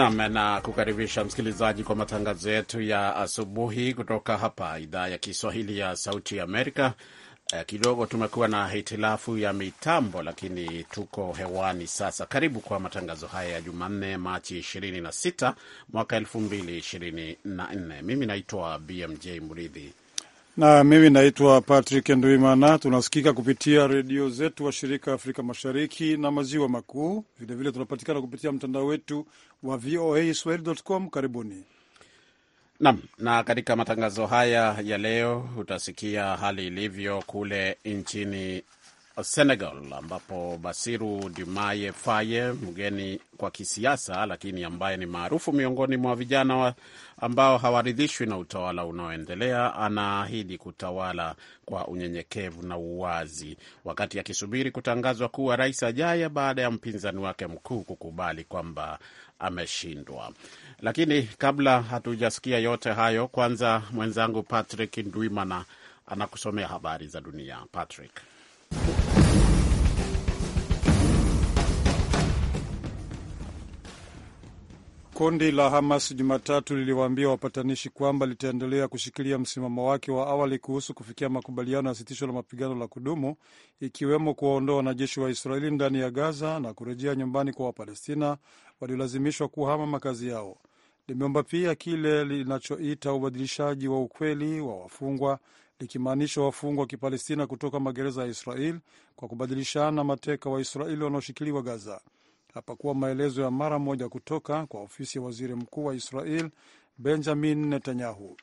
Nam na kukaribisha msikilizaji kwa matangazo yetu ya asubuhi kutoka hapa idhaa ya Kiswahili ya Sauti ya Amerika. Eh, kidogo tumekuwa na hitilafu ya mitambo, lakini tuko hewani sasa. Karibu kwa matangazo haya ya Jumanne, Machi 26 mwaka 2024. Mimi naitwa BMJ Mridhi na mimi naitwa Patrick Nduimana. Tunasikika kupitia redio zetu wa shirika Afrika Mashariki na Maziwa Makuu. Vilevile tunapatikana kupitia mtandao wetu wa VOA Swahili.com. Karibuni nam na, na katika matangazo haya ya leo utasikia hali ilivyo kule nchini Senegal, ambapo Basiru dumaye Faye, mgeni kwa kisiasa, lakini ambaye ni maarufu miongoni mwa vijana ambao hawaridhishwi na utawala unaoendelea, anaahidi kutawala kwa unyenyekevu na uwazi, wakati akisubiri kutangazwa kuwa rais ajaye baada ya mpinzani wake mkuu kukubali kwamba ameshindwa. Lakini kabla hatujasikia yote hayo, kwanza mwenzangu Patrick Ndwimana anakusomea habari za dunia. Patrick. Kundi la Hamas Jumatatu liliwaambia wapatanishi kwamba litaendelea kushikilia msimamo wake wa awali kuhusu kufikia makubaliano ya sitisho la mapigano la kudumu, ikiwemo kuwaondoa wanajeshi wa Israeli ndani ya Gaza na kurejea nyumbani kwa Wapalestina waliolazimishwa kuhama makazi yao. Limeomba pia kile linachoita ubadilishaji wa ukweli wa wafungwa, likimaanisha wafungwa wa Kipalestina kutoka magereza ya israel kwa kubadilishana mateka wa Israeli wanaoshikiliwa Gaza hapakuwa maelezo ya mara moja kutoka kwa ofisi ya waziri mkuu wa Israel Benjamin Netanyahu.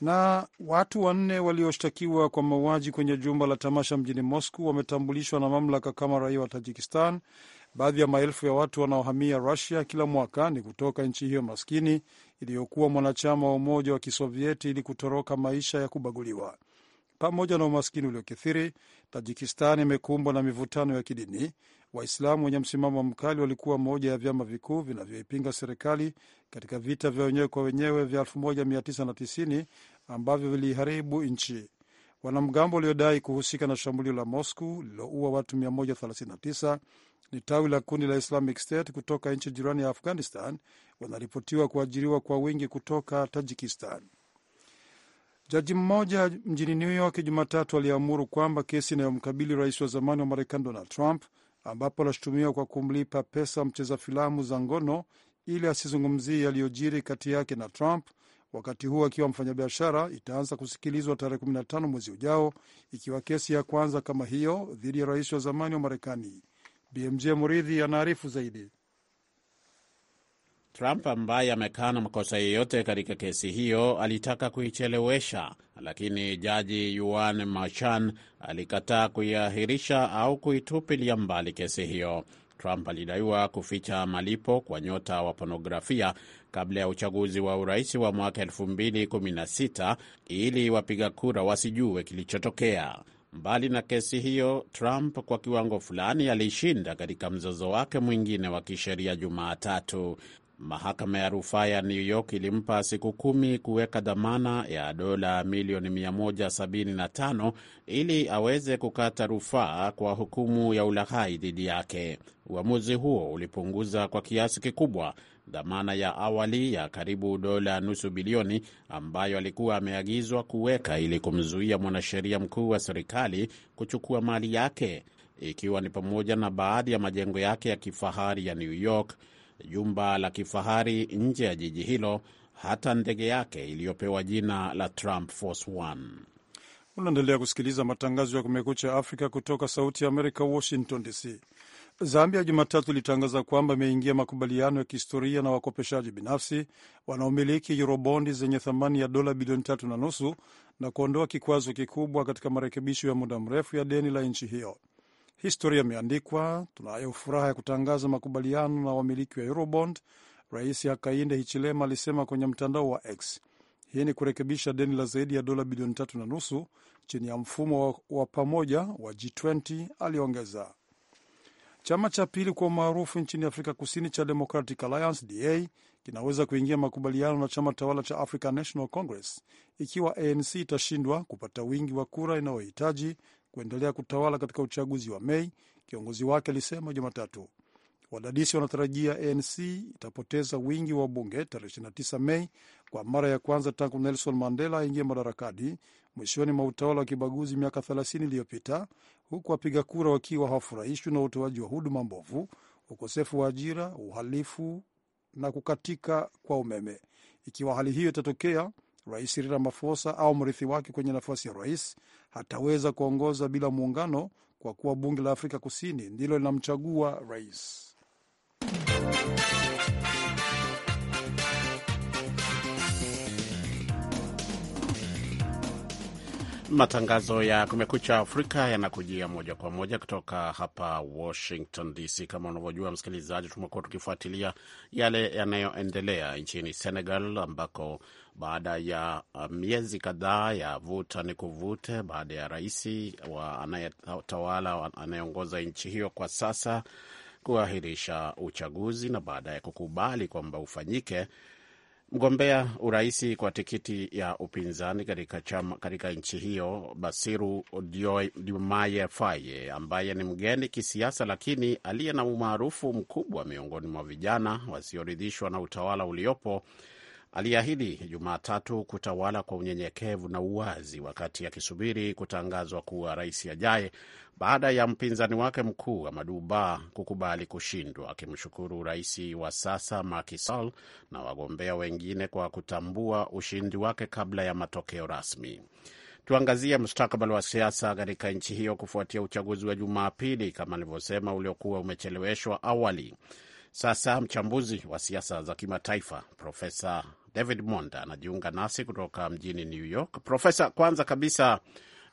Na watu wanne walioshtakiwa kwa mauaji kwenye jumba la tamasha mjini Moscow wametambulishwa na mamlaka kama raia wa Tajikistan. Baadhi ya maelfu ya watu wanaohamia Rusia kila mwaka ni kutoka nchi hiyo maskini iliyokuwa mwanachama wa Umoja wa Kisovieti ili kutoroka maisha ya kubaguliwa. Pamoja na umaskini uliokithiri, Tajikistan imekumbwa na mivutano ya kidini. Waislamu wenye msimamo mkali walikuwa moja ya vyama vikuu vinavyoipinga serikali katika vita vya wenyewe kwa wenyewe vya 1990 ambavyo viliharibu nchi. Wanamgambo waliodai kuhusika na shambulio la Moscow lililoua watu 139 ni tawi la kundi la Islamic State kutoka nchi jirani ya Afghanistan, wanaripotiwa kuajiriwa kwa wingi kutoka Tajikistan. Jaji mmoja mjini New York Jumatatu aliamuru kwamba kesi inayomkabili rais wa zamani wa Marekani Donald Trump, ambapo anashutumiwa kwa kumlipa pesa mcheza filamu za ngono ili asizungumzie yaliyojiri kati yake na Trump wakati huu akiwa mfanyabiashara, itaanza kusikilizwa tarehe 15 mwezi ujao, ikiwa kesi ya kwanza kama hiyo dhidi ya rais wa zamani wa Marekani. BMJ Muridhi anaarifu zaidi. Trump ambaye amekana makosa yeyote katika kesi hiyo alitaka kuichelewesha, lakini jaji Yuan Machan alikataa kuiahirisha au kuitupilia mbali kesi hiyo. Trump alidaiwa kuficha malipo kwa nyota wa ponografia kabla ya uchaguzi wa urais wa mwaka 2016 ili wapiga kura wasijue kilichotokea. Mbali na kesi hiyo, Trump kwa kiwango fulani alishinda katika mzozo wake mwingine wa kisheria Jumatatu. Mahakama ya rufaa ya New York ilimpa siku kumi kuweka dhamana ya dola milioni 175 ili aweze kukata rufaa kwa hukumu ya ulaghai dhidi yake. Uamuzi huo ulipunguza kwa kiasi kikubwa dhamana ya awali ya karibu dola nusu bilioni ambayo alikuwa ameagizwa kuweka ili kumzuia mwanasheria mkuu wa serikali kuchukua mali yake, ikiwa ni pamoja na baadhi ya majengo yake ya kifahari ya New York jumba la kifahari nje ya jiji hilo, hata ndege yake iliyopewa jina la Trump Force One. Unaendelea kusikiliza matangazo ya Kumekucha Afrika kutoka Sauti ya Amerika, Washington DC. Zambia Jumatatu ilitangaza kwamba imeingia makubaliano ya kihistoria na wakopeshaji binafsi wanaomiliki yurobondi zenye thamani ya dola bilioni tatu na nusu na kuondoa kikwazo kikubwa katika marekebisho ya muda mrefu ya deni la nchi hiyo. Historia imeandikwa. Tunayo furaha ya kutangaza makubaliano na wamiliki wa Eurobond, Rais Hakainde Hichilema alisema kwenye mtandao wa X. Hii ni kurekebisha deni la zaidi ya dola bilioni tatu na nusu chini ya mfumo wa, wa pamoja wa G20, aliongeza. Chama cha pili kwa umaarufu nchini Afrika Kusini cha Democratic Alliance DA kinaweza kuingia makubaliano na chama tawala cha African National Congress ikiwa ANC itashindwa kupata wingi wa kura inayohitaji kuendelea kutawala katika uchaguzi wa Mei, kiongozi wake alisema Jumatatu. Wadadisi wanatarajia ANC itapoteza wingi wa bunge tarehe 29 Mei kwa mara ya kwanza tangu Nelson Mandela aingie madarakani mwishoni mwa utawala wa kibaguzi miaka 30 iliyopita, huku wapiga kura wakiwa hawafurahishwi na utoaji wa huduma mbovu, ukosefu wa ajira, uhalifu na kukatika kwa umeme. Ikiwa hali hiyo itatokea, Rais ramafosa Ramaphosa au mrithi wake kwenye nafasi ya rais hataweza kuongoza bila muungano, kwa kuwa bunge la Afrika Kusini ndilo linamchagua rais. Matangazo ya Kumekucha Afrika yanakujia moja kwa moja kutoka hapa Washington DC. Kama unavyojua msikilizaji, tumekuwa tukifuatilia yale yanayoendelea nchini Senegal ambako baada ya uh, miezi kadhaa ya vuta ni kuvute, baada ya rais wa anayetawala anayeongoza nchi hiyo kwa sasa kuahirisha uchaguzi na baadaye kukubali kwamba ufanyike. Mgombea urais kwa tikiti ya upinzani katika nchi hiyo Basiru Diomaye Faye, ambaye ni mgeni kisiasa, lakini aliye na umaarufu mkubwa miongoni mwa vijana wasioridhishwa na utawala uliopo aliahidi Jumatatu kutawala kwa unyenyekevu na uwazi wakati akisubiri kutangazwa kuwa rais ajaye baada ya mpinzani wake mkuu Amadou Ba kukubali kushindwa, akimshukuru rais wa sasa Macky Sall na wagombea wengine kwa kutambua ushindi wake kabla ya matokeo rasmi. Tuangazie mustakabali wa siasa katika nchi hiyo kufuatia uchaguzi wa Jumapili kama alivyosema, uliokuwa umecheleweshwa awali. Sasa mchambuzi wa siasa za kimataifa Profesa David Monda anajiunga nasi kutoka mjini New York. Profesa, kwanza kabisa,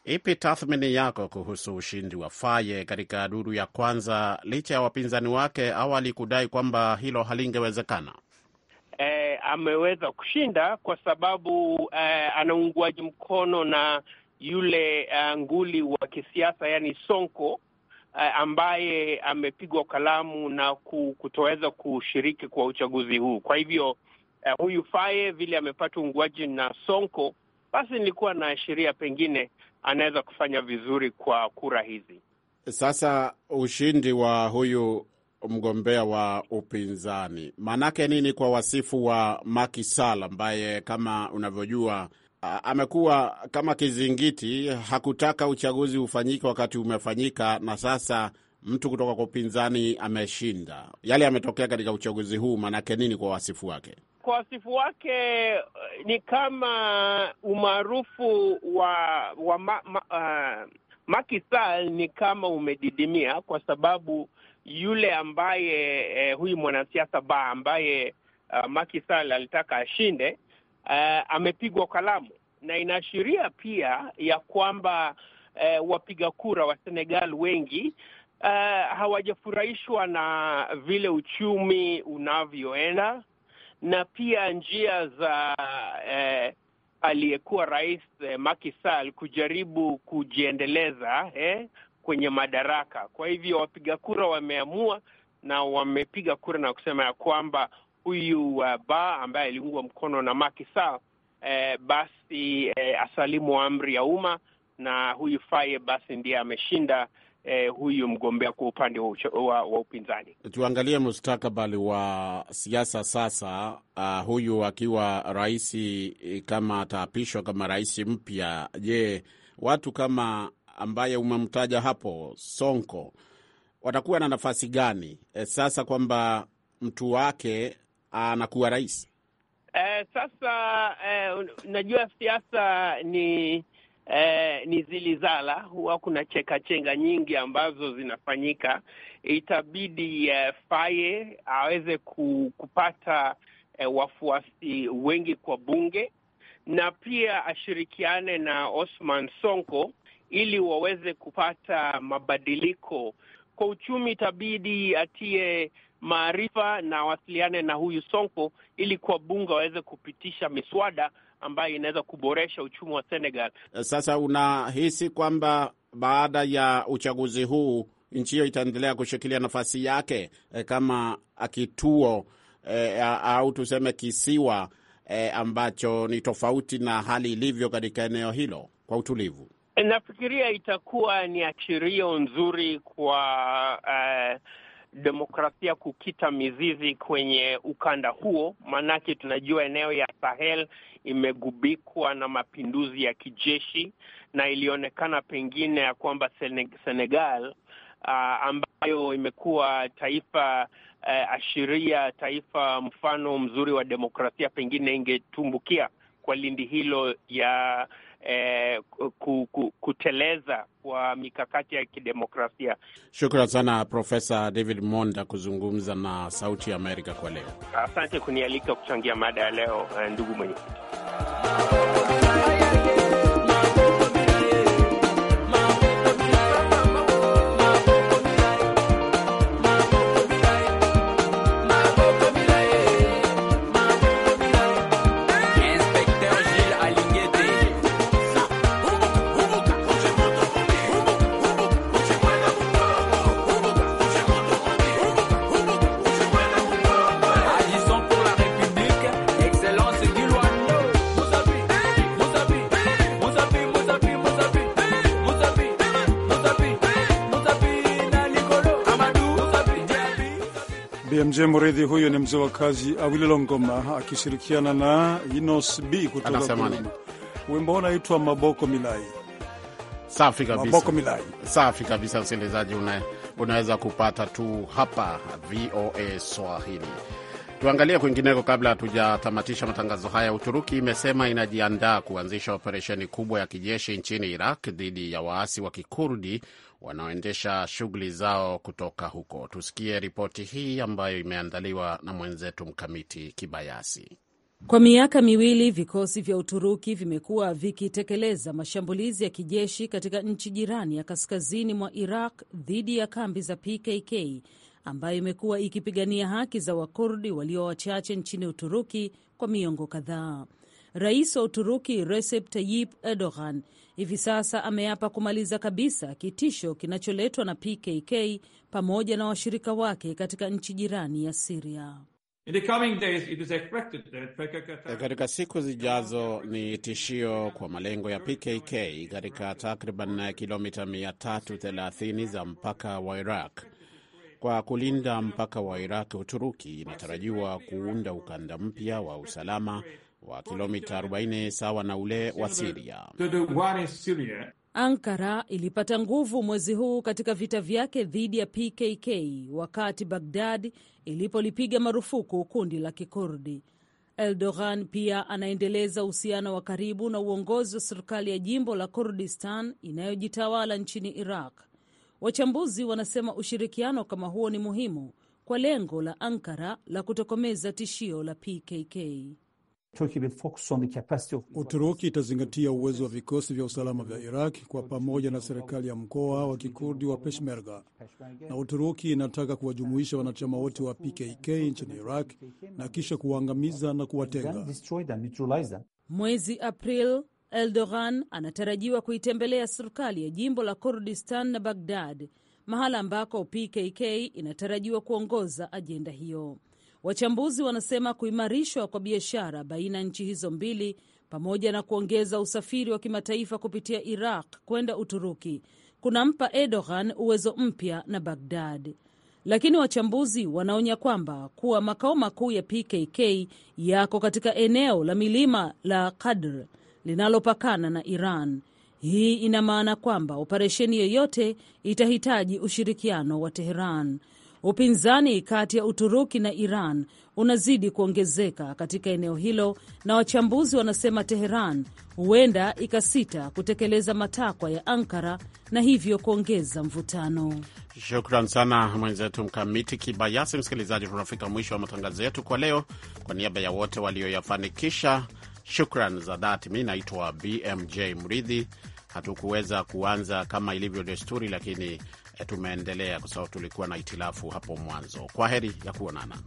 ipi tathmini yako kuhusu ushindi wa Faye katika duru ya kwanza licha ya wapinzani wake awali kudai kwamba hilo halingewezekana? E, ameweza kushinda kwa sababu e, ana mkono na yule uh, nguli wa kisiasa yani Sonko ambaye amepigwa kalamu na kutoweza kushiriki kwa uchaguzi huu. Kwa hivyo eh, huyu Faye vile amepata unguaji na Sonko, basi nilikuwa ashiria pengine anaweza kufanya vizuri kwa kura hizi. Sasa ushindi wa huyu mgombea wa upinzani maanake nini kwa wasifu wa Macky Sall ambaye kama unavyojua amekuwa kama kizingiti, hakutaka uchaguzi ufanyike wakati umefanyika, na sasa mtu kutoka kwa upinzani ameshinda. Yale yametokea katika uchaguzi huu, maanake nini kwa wasifu wake? kwa wasifu wake eh, ni kama umaarufu wa, wa ma, ma, uh, Macky Sall ni kama umedidimia kwa sababu yule ambaye eh, huyu mwanasiasa ba ambaye uh, Macky Sall alitaka ashinde uh, amepigwa kalamu, na inaashiria pia ya kwamba uh, wapiga kura wa Senegal wengi uh, hawajafurahishwa na vile uchumi unavyoenda na pia njia za eh, aliyekuwa rais eh, Macky Sall kujaribu kujiendeleza eh, kwenye madaraka. Kwa hivyo wapiga kura wameamua na wamepiga kura na kusema ya kwamba huyu uh, Ba ambaye aliungwa mkono na Macky Sall eh, basi eh, asalimu amri ya umma na huyu Faye basi ndiye ameshinda eh, huyu mgombea kwa upande wa, wa, upinzani. Tuangalie mustakabali wa siasa sasa. Uh, huyu akiwa rais eh, kama ataapishwa kama rais mpya, je, watu kama ambaye umemtaja hapo Sonko watakuwa na nafasi gani e, sasa kwamba mtu wake anakuwa rais? e, sasa e, unajua siasa ni eh, ni zilizala, huwa kuna chekachenga nyingi ambazo zinafanyika. Itabidi eh, Faye aweze kupata eh, wafuasi wengi kwa bunge na pia ashirikiane na Osman Sonko ili waweze kupata mabadiliko kwa uchumi. Itabidi atie maarifa na awasiliane na huyu Sonko ili kwa bunge waweze kupitisha miswada ambayo inaweza kuboresha uchumi wa Senegal. Sasa unahisi kwamba baada ya uchaguzi huu nchi hiyo itaendelea kushikilia nafasi yake e, kama kituo e, au tuseme kisiwa e, ambacho ni tofauti na hali ilivyo katika eneo hilo kwa utulivu? Nafikiria itakuwa ni ashirio nzuri kwa uh, demokrasia kukita mizizi kwenye ukanda huo, maanake tunajua eneo ya Sahel imegubikwa na mapinduzi ya kijeshi, na ilionekana pengine ya kwamba Senegal uh, ambayo imekuwa taifa uh, ashiria taifa mfano mzuri wa demokrasia, pengine ingetumbukia kwa lindi hilo ya eh, kuteleza kwa mikakati ya kidemokrasia. Shukran sana Profesa David Monda kuzungumza na Sauti ya Amerika kwa leo. Asante kunialika kuchangia mada ya leo, eh, ndugu mwenyekiti. BMJ Mridhi. Huyo ni mzee wa kazi Awili Longoma akishirikiana na Inos B kutoka Kuruma. Wimbo unaitwa Maboko Milai. Safi kabisa, Maboko Milai. Safi kabisa, msikilizaji, unaweza kupata tu hapa VOA Swahili. Tuangalie kwingineko kabla hatujatamatisha matangazo haya. Uturuki imesema inajiandaa kuanzisha operesheni kubwa ya kijeshi nchini Iraq dhidi ya waasi wa kikurdi wanaoendesha shughuli zao kutoka huko. Tusikie ripoti hii ambayo imeandaliwa na mwenzetu Mkamiti Kibayasi. Kwa miaka miwili vikosi vya Uturuki vimekuwa vikitekeleza mashambulizi ya kijeshi katika nchi jirani ya kaskazini mwa Iraq dhidi ya kambi za PKK ambayo imekuwa ikipigania haki za Wakurdi walio wachache nchini Uturuki kwa miongo kadhaa. Rais wa Uturuki Recep Tayyip Erdogan hivi sasa ameapa kumaliza kabisa kitisho kinacholetwa na PKK pamoja na washirika wake katika nchi jirani ya Siria. E, katika siku zijazo ni tishio kwa malengo ya PKK katika takriban kilomita 330 za mpaka wa Iraq kwa kulinda mpaka wa Iraq. Uturuki inatarajiwa kuunda ukanda mpya wa usalama wa kilomita 40 sawa na ule wa Siria. Ankara ilipata nguvu mwezi huu katika vita vyake dhidi ya PKK wakati Bagdad ilipolipiga marufuku kundi la Kikurdi. Erdogan pia anaendeleza uhusiano wa karibu na uongozi wa serikali ya jimbo la Kurdistan inayojitawala nchini Iraq Wachambuzi wanasema ushirikiano kama huo ni muhimu kwa lengo la Ankara la kutokomeza tishio la PKK. Uturuki itazingatia uwezo wa vikosi vya usalama vya Iraq kwa pamoja na serikali ya mkoa wa kikurdi wa Peshmerga, na Uturuki inataka kuwajumuisha wanachama wote wa PKK nchini Iraq na kisha kuwaangamiza na kuwatenga. Mwezi April Erdogan anatarajiwa kuitembelea serikali ya jimbo la Kurdistan na Bagdad, mahala ambako PKK inatarajiwa kuongoza ajenda hiyo. Wachambuzi wanasema kuimarishwa kwa biashara baina ya nchi hizo mbili pamoja na kuongeza usafiri wa kimataifa kupitia Iraq kwenda Uturuki kunampa Erdogan uwezo mpya na Bagdad, lakini wachambuzi wanaonya kwamba kuwa makao makuu ya PKK yako katika eneo la milima la Kadr linalopakana na Iran. Hii ina maana kwamba operesheni yoyote itahitaji ushirikiano wa Teheran. Upinzani kati ya Uturuki na Iran unazidi kuongezeka katika eneo hilo, na wachambuzi wanasema Teheran huenda ikasita kutekeleza matakwa ya Ankara na hivyo kuongeza mvutano. Shukran sana mwenzetu Mkamiti Kibayasi. Msikilizaji, tunafika mwisho wa matangazo yetu kwa leo. Kwa niaba ya wote walioyafanikisha Shukran za dhati. Mi naitwa BMJ Mridhi. Hatukuweza kuanza kama ilivyo desturi, lakini eh, tumeendelea kwa sababu tulikuwa na itilafu hapo mwanzo. Kwa heri ya kuonana.